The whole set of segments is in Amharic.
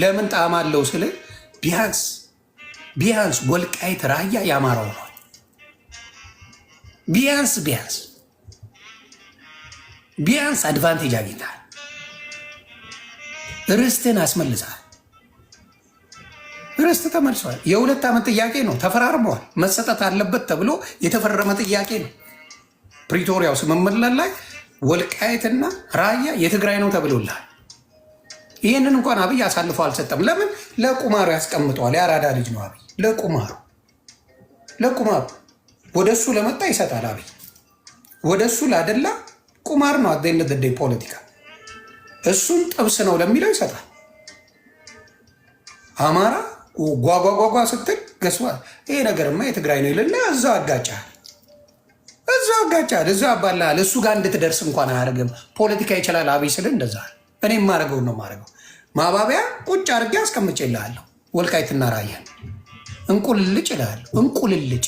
ለምን ጣዕም አለው ስለ ቢያንስ ቢያንስ ወልቃይት ራያ ያማረው ነው። ቢያንስ ቢያንስ ቢያንስ አድቫንቴጅ አግኝታል። ርስትህን አስመልሳል። ርስት ተመልሷል። የሁለት ዓመት ጥያቄ ነው። ተፈራርመዋል። መሰጠት አለበት ተብሎ የተፈረመ ጥያቄ ነው። ፕሪቶሪያው ስምምነት ላይ ወልቃይትና ራያ የትግራይ ነው ተብሎላል። ይህንን እንኳን አብይ አሳልፎ አልሰጠም። ለምን? ለቁማሩ ያስቀምጠዋል። የአራዳ ልጅ ነው አብይ። ለቁማሩ ለቁማሩ ወደ እሱ ለመጣ ይሰጣል። አብይ ወደ እሱ ላደላ ቁማር ነው። አደይነት ፖለቲካ እሱን ጥብስ ነው ለሚለው ይሰጣል። አማራ ጓጓጓጓ ስትል ገስዋ ይሄ ነገርማ የትግራይ ነው ይልና እዛው አጋጫል፣ እዛው አጋጫል፣ እዛው አባላል። እሱ ጋር እንድትደርስ እንኳን አያደርግም። ፖለቲካ ይችላል አብይ ስል እንደዛ እኔ የማደርገውን ነው የማደርገው። ማባቢያ ቁጭ አድርጌ ይልሃለሁ። ወልቃይትና ራያን እንቁልልጭ ይልሃለሁ። እንቁልልጭ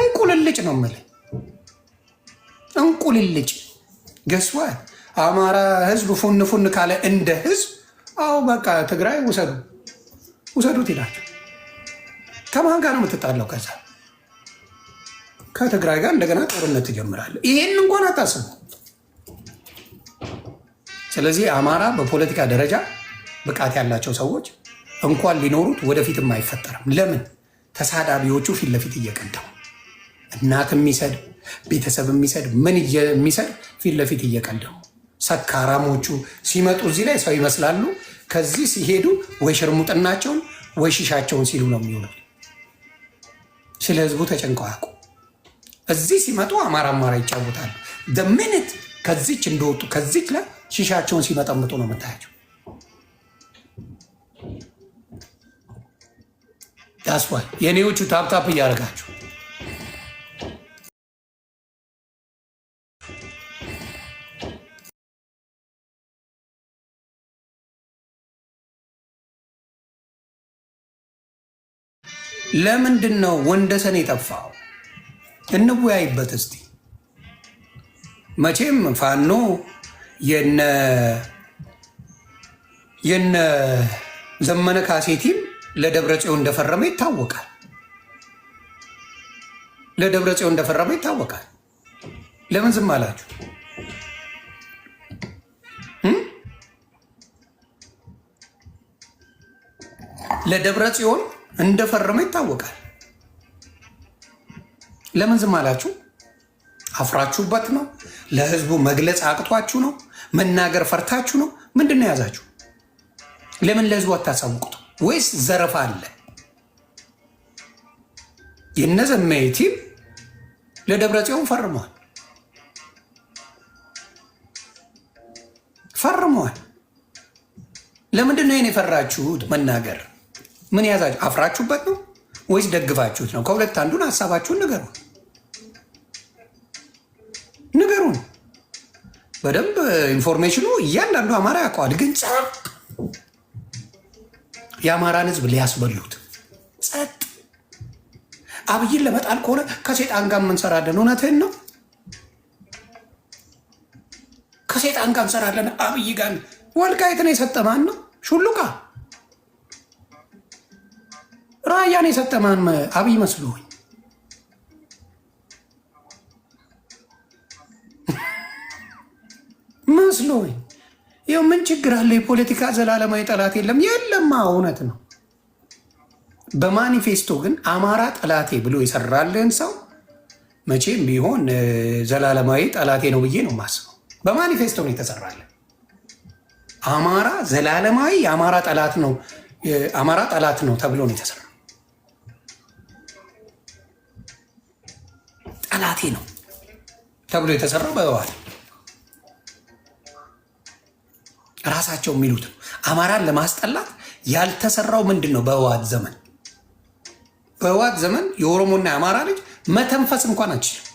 እንቁልልጭ ነው የምልህ። እንቁልልጭ ገስዋ አማራ ህዝብ ፉን ፉን ካለ እንደ ህዝብ አዎ በቃ ትግራይ ውሰዱ ውሰዱት ይላቸው። ከማን ጋር ነው የምትጣለው? ከዛ ከትግራይ ጋር እንደገና ጦርነት ትጀምራለህ። ይሄን እንኳን አታስቡ። ስለዚህ አማራ በፖለቲካ ደረጃ ብቃት ያላቸው ሰዎች እንኳን ሊኖሩት ወደፊትም አይፈጠርም። ለምን ተሳዳቢዎቹ ፊት ለፊት እየቀደሙ እናት የሚሰድ ቤተሰብ የሚሰድ ምን የሚሰድ ፊት ለፊት እየቀደሙ ሰካራሞቹ ሲመጡ እዚህ ላይ ሰው ይመስላሉ። ከዚህ ሲሄዱ ወይ ሽርሙጥናቸውን ወይ ሽሻቸውን ሲሉ ነው የሚሆነው። ስለ ህዝቡ ተጨንቀው አያውቁ። እዚህ ሲመጡ አማራ አማራ ይጫወታሉ። ደምንት ከዚች እንደወጡ ከዚች ላይ ሺሻቸውን ሲመጠምጡ ነው የምታያቸው። ያስዋል የኔዎቹ ታፕታፕ እያደረጋችሁ ለምንድን ነው ወንደሰን የጠፋው? እንወያይበት እስቲ። መቼም ፋኖ የነ ዘመነ ካሴ ቲም ለደብረ ጽዮን እንደፈረመ ይታወቃል። ለደብረ ጽዮን እንደፈረመ ይታወቃል። ለምን ዝም አላችሁ? ለደብረ ጽዮን እንደፈረመ ይታወቃል። ለምን ዝም አላችሁ? አፍራችሁበት ነው? ለህዝቡ መግለጽ አቅቷችሁ ነው? መናገር ፈርታችሁ ነው? ምንድን ነው የያዛችሁ? ለምን ለህዝቡ አታሳውቁት? ወይስ ዘረፋ አለ? የነዘመይቲም ቲም ለደብረ ጽዮን ፈርመዋል ፈርመዋል። ለምንድን ነው ይህን የፈራችሁት? መናገር ምን የያዛችሁ? አፍራችሁበት ነው ወይስ ደግፋችሁት ነው? ከሁለት አንዱን ሀሳባችሁን ንገሩን፣ ንገሩን። በደንብ ኢንፎርሜሽኑ እያንዳንዱ አማራ ያውቀዋል። ግን ጸጥ የአማራን ህዝብ ሊያስበሉት ጸጥ አብይን ለመጣል ከሆነ ከሴጣን ጋር የምንሰራለን። እውነትህን ነው። ከሴጣን ጋር እንሰራለን። አብይ ጋር የሰጠ ማን ነው ሹሉቃ ራያን ማን? አብይ መስሎኝ መስሎኝ ይኸው ምን ችግር አለ? የፖለቲካ ዘላለማዊ ጠላት የለም። የለማ እውነት ነው። በማኒፌስቶ ግን አማራ ጠላቴ ብሎ የሰራልህን ሰው መቼም ቢሆን ዘላለማዊ ጠላቴ ነው ብዬ ነው የማስበው። በማኒፌስቶ ነው የተሰራልን። አማራ ዘላለማዊ የአማራ ጠላት ነው፣ አማራ ጠላት ነው ተብሎ ነው የተሰራ። ጠላቴ ነው ተብሎ የተሰራው በዋል ራሳቸው የሚሉት አማራን ለማስጠላት ያልተሰራው ምንድን ነው? በህወሓት ዘመን በህወሓት ዘመን የኦሮሞና የአማራ ልጅ መተንፈስ እንኳን አችልም።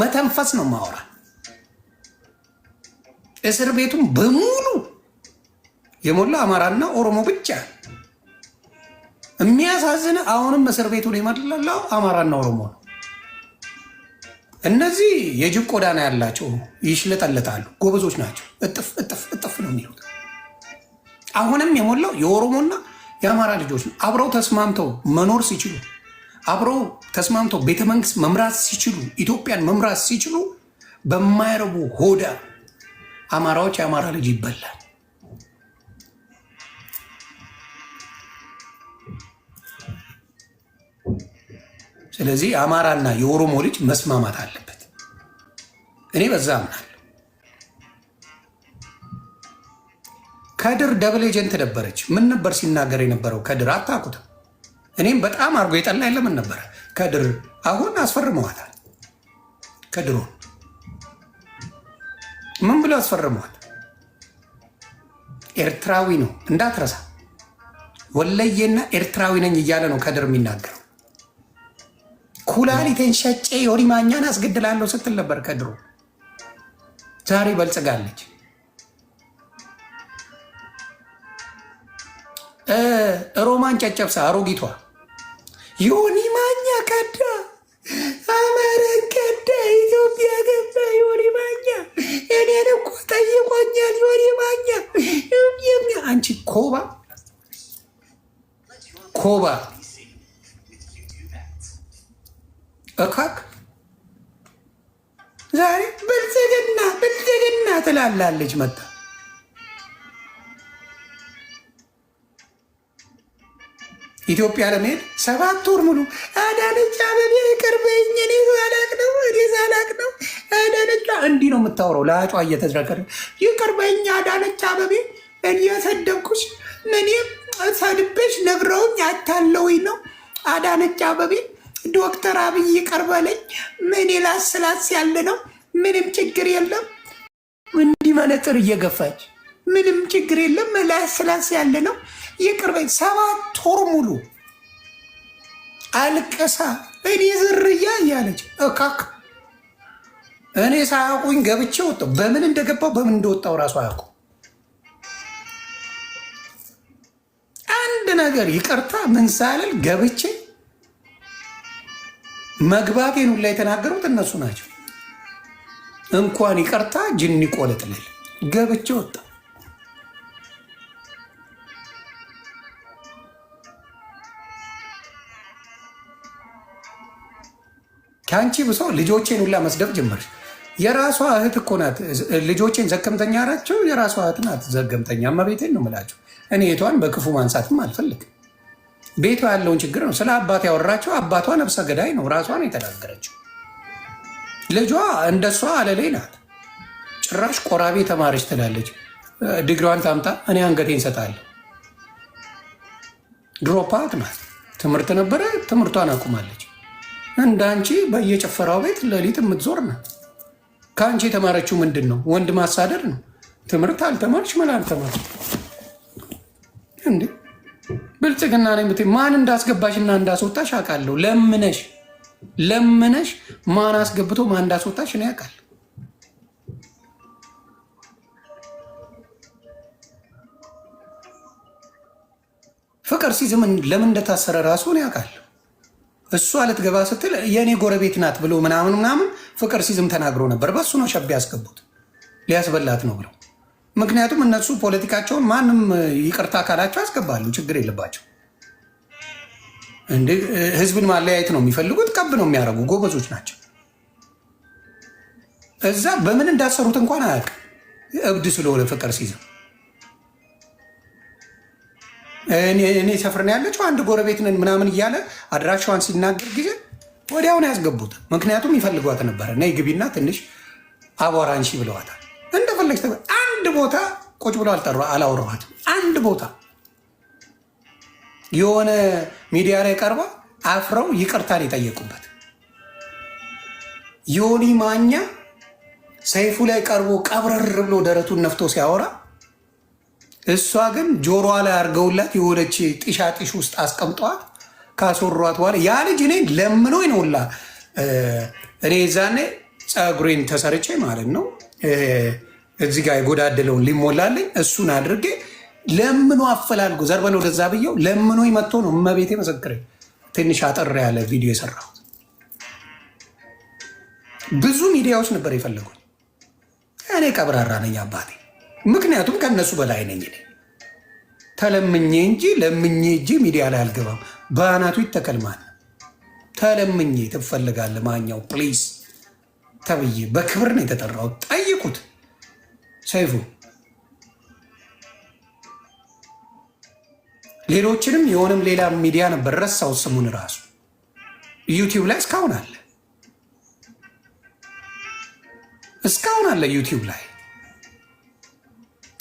መተንፈስ ነው ማወራ። እስር ቤቱም በሙሉ የሞላ አማራና ኦሮሞ ብቻ። የሚያሳዝን አሁንም እስር ቤቱን የሞላው አማራና ኦሮሞ ነው። እነዚህ የጅብ ቆዳና ያላቸው ይሽለጠለጣሉ። ጎበዞች ናቸው። እጥፍ እጥፍ ነው የሚሉት። አሁንም የሞላው የኦሮሞና የአማራ ልጆች ነው። አብረው ተስማምተው መኖር ሲችሉ፣ አብረው ተስማምተው ቤተመንግስት መምራት ሲችሉ፣ ኢትዮጵያን መምራት ሲችሉ በማይረቡ ሆዳ አማራዎች የአማራ ልጅ ይበላል። ስለዚህ የአማራና የኦሮሞ ልጅ መስማማት አለበት። እኔ በዛ አምናለሁ። ከድር ደብል ኤጀንት ነበረች። ምን ነበር ሲናገር የነበረው ከድር? አታውቁትም። እኔም በጣም አድርጎ የጠላ ለምን ነበረ ከድር። አሁን አስፈርመዋታል። ከድሮ ምን ብሎ አስፈርመዋል? ኤርትራዊ ነው እንዳትረሳ። ወለየና ኤርትራዊ ነኝ እያለ ነው ከድር የሚናገረው። ኩላሊቴን ሸጬ ዮኒ ማኛን አስገድላለሁ ስትል ነበር ከድሮ። ዛሬ በልጽጋለች። ሮማን ጨጨብሳ አሮጊቷ ዮኒ ማኛ ከዳ አማረን ከዳ ኢትዮጵያ ገባ። ዮኒ ማኛ እኔን እኮ ጠይቆኛል። ዮኒ ማኛ አንቺ ኮባ ኮባ እካክ ዛሬ ብልጽግና ብልጽግና ትላላለች መጣ ኢትዮጵያ ለመሄድ ሰባት ወር ሙሉ አዳነች አበቤ ቅርበኝ እኔ ሳላቅ ነው እኔ ሳላቅ ነው አዳነች እንዲህ ነው የምታወራው። ለአጯ እየተዝረገረ ይቅርበኝ አዳነች አበቤ እየሰደብኩሽ እኔ ሰድብሽ ነግረውኝ አታለውኝ ነው አዳነች አበቤ ዶክተር አብይ ይቀርበለኝ ምን ላስላስ ያለ ነው። ምንም ችግር የለም። እንዲህ መነፅር እየገፋች ምንም ችግር የለም። ላስላስ ያለ ነው። ይቅር በይ። ሰባት ወር ሙሉ አልቀሳ እኔ ዝርያ እያለች እካክ እኔ ሳያውቁኝ ገብቼ ወጣሁ። በምን እንደገባው በምን እንደወጣው እራሱ አያውቁ። አንድ ነገር ይቅርታ ምን ሳልል ገብቼ መግባቴን ሁላ የተናገሩት እነሱ ናቸው። እንኳን ይቅርታ ጅን ቆለጥልል ገብቼ ወጣሁ። ከአንቺ ብሶ ልጆቼን ሁላ መስደብ ጀመር። የራሷ እህት እኮ ናት ልጆቼን ዘገምተኛ አላቸው። የራሷ እህት ናት ዘገምተኛ። እመቤቴን ነው የምላቸው። እኔ እህቷን በክፉ ማንሳትም አልፈልግም። ቤቷ ያለውን ችግር ነው ስለ አባት ያወራቸው። አባቷ ነብሰ ገዳይ ነው፣ ራሷን የተናገረችው። ልጇ እንደሷ አለሌ ናት። ጭራሽ ቆራቢ ተማረች ትላለች። ድግሪዋን ታምጣ እኔ አንገቴ እንሰጣለ ድሮፓት ናት። ትምህርት ነበረ፣ ትምህርቷን አቁማለች። እንደ አንቺ በየጭፈራው ቤት ሌሊት የምትዞር ነው። ከአንቺ የተማረችው ምንድን ነው? ወንድ ማሳደድ ነው። ትምህርት አልተማርች ምን አልተማርች እንዴ? ብልጽግና ነው የምት ማን እንዳስገባሽና እንዳስወጣሽ አውቃለሁ። ለምነሽ ለምነሽ ማን አስገብቶ ማን እንዳስወጣሽ ነው አውቃለሁ። ፍቅር ሲዝም ለምን እንደታሰረ ራሱ ያውቃል? እሷ ልትገባ ስትል የእኔ ጎረቤት ናት ብሎ ምናምን ምናምን ፍቅር ሲዝም ተናግሮ ነበር። በሱ ነው ሸብ ያስገቡት ሊያስበላት ነው ብለው። ምክንያቱም እነሱ ፖለቲካቸውን ማንም ይቅርታ ካላቸው ያስገባሉ፣ ችግር የለባቸው። እንደ ህዝብን ማለያየት ነው የሚፈልጉት። ቀብ ነው የሚያደርጉ፣ ጎበዞች ናቸው። እዛ በምን እንዳሰሩት እንኳን አያውቅም፣ እብድ ስለሆነ ፍቅር ሲዝም እኔ ሰፍር ነው ያለችው አንድ ነን ምናምን እያለ አድራሻዋን ሲናገር ጊዜ ወዲያውን ያስገቡት። ምክንያቱም ይፈልጓት ነበረ እና ግቢና ትንሽ አቧራ አንሺ ብለዋታል። እንደፈለግሽ አንድ ቦታ ቁጭ ብሎ አልጠሩ አላውረዋትም። አንድ ቦታ የሆነ ሚዲያ ላይ ቀርባ አፍረው ይቅርታን የጠየቁበት ዮኒ ማኛ ሰይፉ ላይ ቀርቦ ቀብረር ብሎ ደረቱን ነፍቶ ሲያወራ እሷ ግን ጆሮዋ ላይ አድርገውላት የሆነች ጢሻጢሽ ውስጥ አስቀምጠዋት ካስወሯት በኋላ ያ ልጅ እኔ ለምኖ ይነውላ እኔ ዛኔ ፀጉሬን ተሰርቼ ማለት ነው እዚህ ጋር የጎዳደለውን ሊሞላልኝ እሱን አድርጌ ለምኖ አፈላልጎ ዘርበን ወደዛ ብየው ለምኖ መጥቶ ነው እመቤቴ መሰክረኝ ትንሽ አጠር ያለ ቪዲዮ የሰራሁት። ብዙ ሚዲያዎች ነበር የፈለጉኝ። እኔ ቀብራራ ነኝ አባቴ ምክንያቱም ከነሱ በላይ ነኝ ተለምኜ እንጂ ለምኜ እጅ ሚዲያ ላይ አልገባም። በአናቱ ይተከልማል ተለምኜ ትፈልጋለህ ማኛው ፕሊዝ ተብዬ በክብር ነው የተጠራው። ጠይቁት ሰይፉ ሌሎችንም የሆነም ሌላ ሚዲያ ነበር ረሳው ስሙን ራሱ ዩቲዩብ ላይ እስካሁን አለ እስካሁን አለ ዩቲዩብ ላይ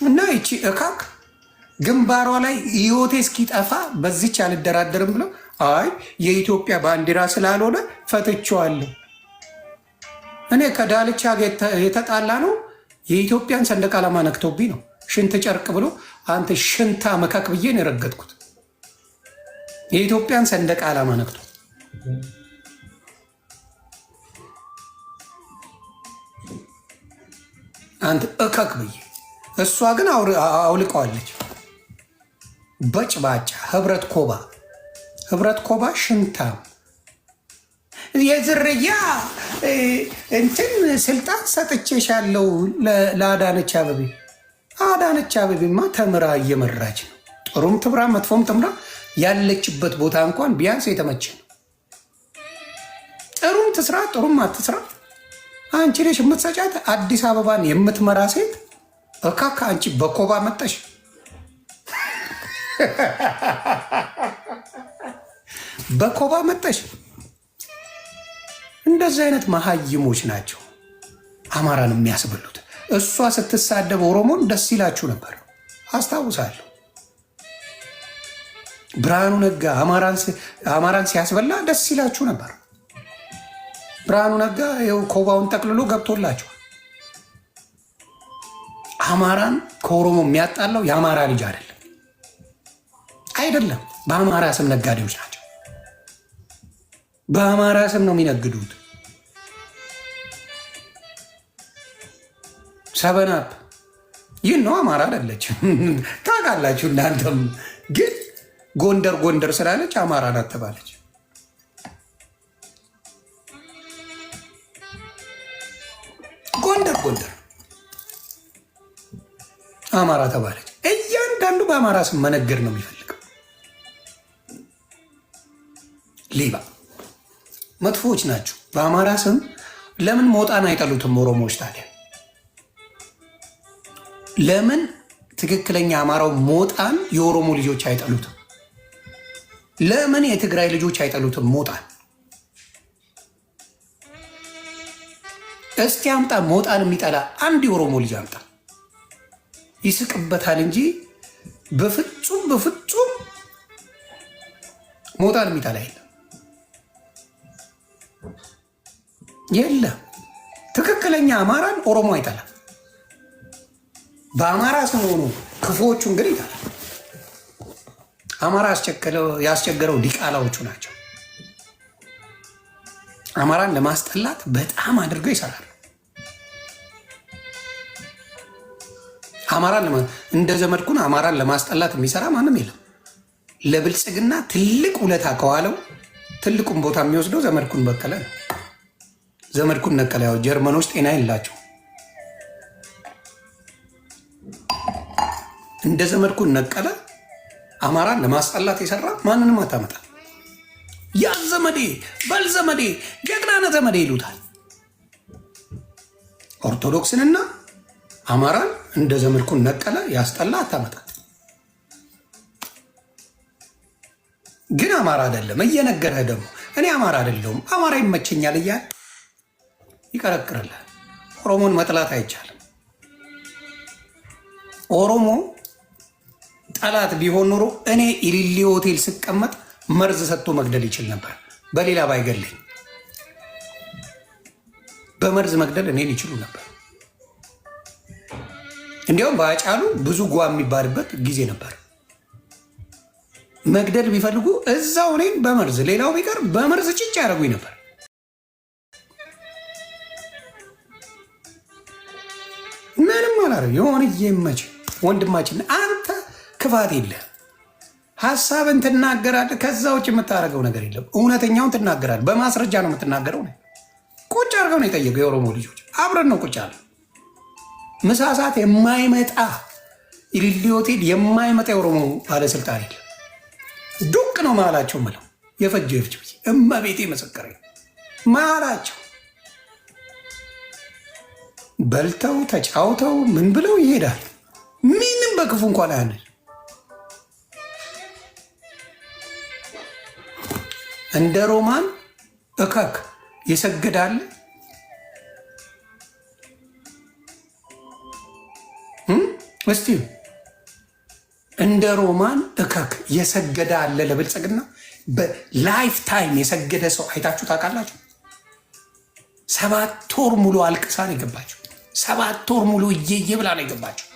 እና ይቺ እካክ ግንባሯ ላይ ህይወቴ እስኪጠፋ በዚች አልደራደርም ብለው አይ የኢትዮጵያ ባንዲራ ስላልሆነ ፈትቼዋለሁ። እኔ ከዳልቻ የተጣላ ነው የኢትዮጵያን ሰንደቅ ዓላማ ነክቶብኝ ነው። ሽንት ጨርቅ ብሎ አንተ ሽንታ መካክ ብዬ ነው የረገጥኩት። የኢትዮጵያን ሰንደቅ ዓላማ ነክቶ አንተ እካክ ብዬ እሷ ግን አውልቀዋለች። በጭባጫ ህብረት ኮባ ህብረት ኮባ ሽንታም የዝርያ እንትን ስልጣን ሰጥቼሻለሁ ለአዳነች አበቤ። አዳነች አበቤማ ተምራ እየመራች ነው። ጥሩም ትምራ መጥፎም ትምራ፣ ያለችበት ቦታ እንኳን ቢያንስ የተመቸ ነው። ጥሩም ትስራ ጥሩም አትስራ፣ አንቺ ነሽ የምትሰጫት። አዲስ አበባን የምትመራ ሴት እካካ አንቺ በኮባ መጣሽ። በኮባ መጣሽ። እንደዚህ አይነት መሀይሞች ናቸው አማራን የሚያስበሉት። እሷ ስትሳደብ ኦሮሞን ደስ ይላችሁ ነበር አስታውሳለሁ። ብርሃኑ ነጋ አማራን ሲያስበላ ደስ ይላችሁ ነበር። ብርሃኑ ነጋ ይኸው ኮባውን ጠቅልሎ ገብቶላቸዋል። አማራን ከኦሮሞ የሚያጣለው የአማራ ልጅ አይደለም አይደለም። በአማራ ስም ነጋዴዎች ናቸው። በአማራ ስም ነው የሚነግዱት። ሰበናፕ ይህ ነው። አማራ አይደለችም ታውቃላችሁ እናንተም። ግን ጎንደር ጎንደር ስላለች አማራ ናት ተባለች። አማራ ተባለች። እያንዳንዱ በአማራ ስም መነገድ ነው የሚፈልገው ሌባ። መጥፎዎች ናቸው። በአማራ ስም ለምን ሞጣን አይጠሉትም? ኦሮሞዎች ታዲያ ለምን ትክክለኛ አማራው ሞጣን የኦሮሞ ልጆች አይጠሉትም? ለምን የትግራይ ልጆች አይጠሉትም? ሞጣን እስቲ አምጣ። ሞጣን የሚጠላ አንድ የኦሮሞ ልጅ አምጣ። ይስቅበታል እንጂ በፍጹም በፍጹም ሞጣን የሚጠላ የለም የለ። ትክክለኛ አማራን ኦሮሞ አይጠላም። በአማራ ስም ሆኖ ክፉዎቹን ግን ይጠላል። አማራ ያስቸገረው ዲቃላዎቹ ናቸው። አማራን ለማስጠላት በጣም አድርገው ይሰራል። አማራን እንደ ዘመድኩን አማራን ለማስጠላት የሚሰራ ማንም የለም። ለብልጽግና ትልቅ ውለታ ከዋለው ትልቁን ቦታ የሚወስደው ዘመድኩን በቀለ ነው። ዘመድኩን ነቀለ። ያው ጀርመኖች ጤና የላቸው። እንደ ዘመድኩን ነቀለ አማራን ለማስጠላት የሰራ ማንንም አታመጣ። ያዝ ዘመዴ በል ዘመዴ ጀግናነ ዘመዴ ይሉታል ኦርቶዶክስንና አማራን እንደ ዘመድኩን ነቀለ ያስጠላ አታመጣት። ግን አማራ አይደለም እየነገረህ ደግሞ እኔ አማራ አይደለሁም አማራ ይመቸኛል እያለ ይቀረቅርልህ። ኦሮሞን መጥላት አይቻልም። ኦሮሞ ጠላት ቢሆን ኖሮ እኔ ኢሊሊ ሆቴል ስቀመጥ መርዝ ሰጥቶ መግደል ይችል ነበር። በሌላ ባይገለኝ በመርዝ መግደል እኔን ይችሉ ነበር። እንዲያውም በአጫሉ ብዙ ጓ የሚባልበት ጊዜ ነበር። መግደል ቢፈልጉ እዛው እኔም በመርዝ ሌላው ቢቀር በመርዝ ጭጭ ያደረጉ ነበር። ምንም አላረ የሆነ የመች ወንድማችን አንተ ክፋት የለ ሀሳብን ትናገራለ ከዛ ውጭ የምታደርገው ነገር የለም። እውነተኛውን ትናገራለ በማስረጃ ነው የምትናገረው። ቁጭ አድርገው ነው የጠየቀው የኦሮሞ ልጆች አብረን ነው ቁጭ አለ ምሳሳት የማይመጣ ኢሊሊ ሆቴል የማይመጣ የኦሮሞ ባለስልጣን የለም። ዱቅ ነው መሀላቸው ምለው የፈጀ የፍጅ እመቤቴ መሰከረ መሀላቸው በልተው ተጫውተው ምን ብለው ይሄዳል። ምንም በክፉ እንኳን አያንል እንደ ሮማን እከክ ይሰግዳል። እስቲ እንደ ሮማን እከክ የሰገደ አለ ለብልጽግና በላይፍ ታይም የሰገደ ሰው አይታችሁ ታውቃላችሁ? ሰባት ወር ሙሉ አልቅሳ ነው ሰባት ወር ሙሉ እየየ ብላ ነው